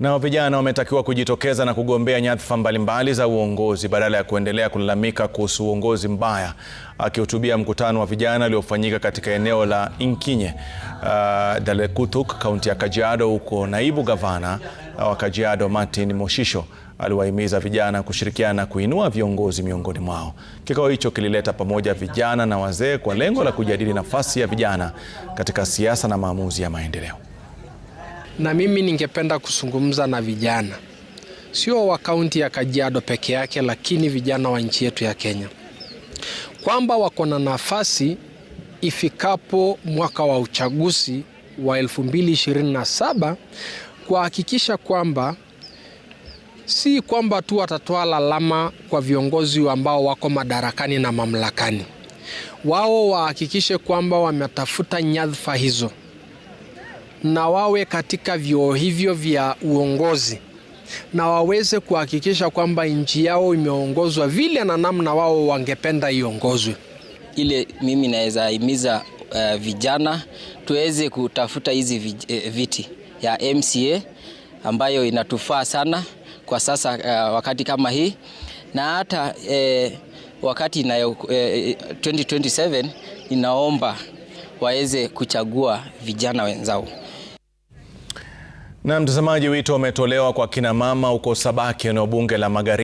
Nao vijana wametakiwa kujitokeza na kugombea nyadhifa mbalimbali za uongozi badala ya kuendelea kulalamika kuhusu uongozi mbaya. Akihutubia mkutano wa vijana uliofanyika katika eneo la Inkinye, uh, Dalekutuk, kaunti ya Kajiado, huko naibu gavana wa Kajiado Martin Moshisho aliwahimiza vijana kushirikiana kuinua viongozi miongoni mwao. Kikao hicho kilileta pamoja vijana na wazee kwa lengo la kujadili nafasi ya vijana katika siasa na maamuzi ya maendeleo na mimi ningependa kuzungumza na vijana, sio wa kaunti ya Kajiado peke yake, lakini vijana wa nchi yetu ya Kenya, kwamba wako na nafasi ifikapo mwaka wa uchaguzi wa 2027 kuhakikisha kwamba si kwamba tu watatoa lalama kwa viongozi ambao wako madarakani na mamlakani, wao wahakikishe kwamba wametafuta nyadhifa hizo na wawe katika vyoo hivyo vya uongozi na waweze kuhakikisha kwamba nchi yao imeongozwa vile na namna wao wangependa iongozwe. Ile mimi naweza himiza uh, vijana tuweze kutafuta hizi eh, viti ya MCA ambayo inatufaa sana kwa sasa uh, wakati kama hii na hata eh, wakati na, eh, 2027 inaomba waweze kuchagua vijana wenzao. Na mtazamaji, wito umetolewa kwa kina mama huko Sabaki, eneo bunge la Magharibi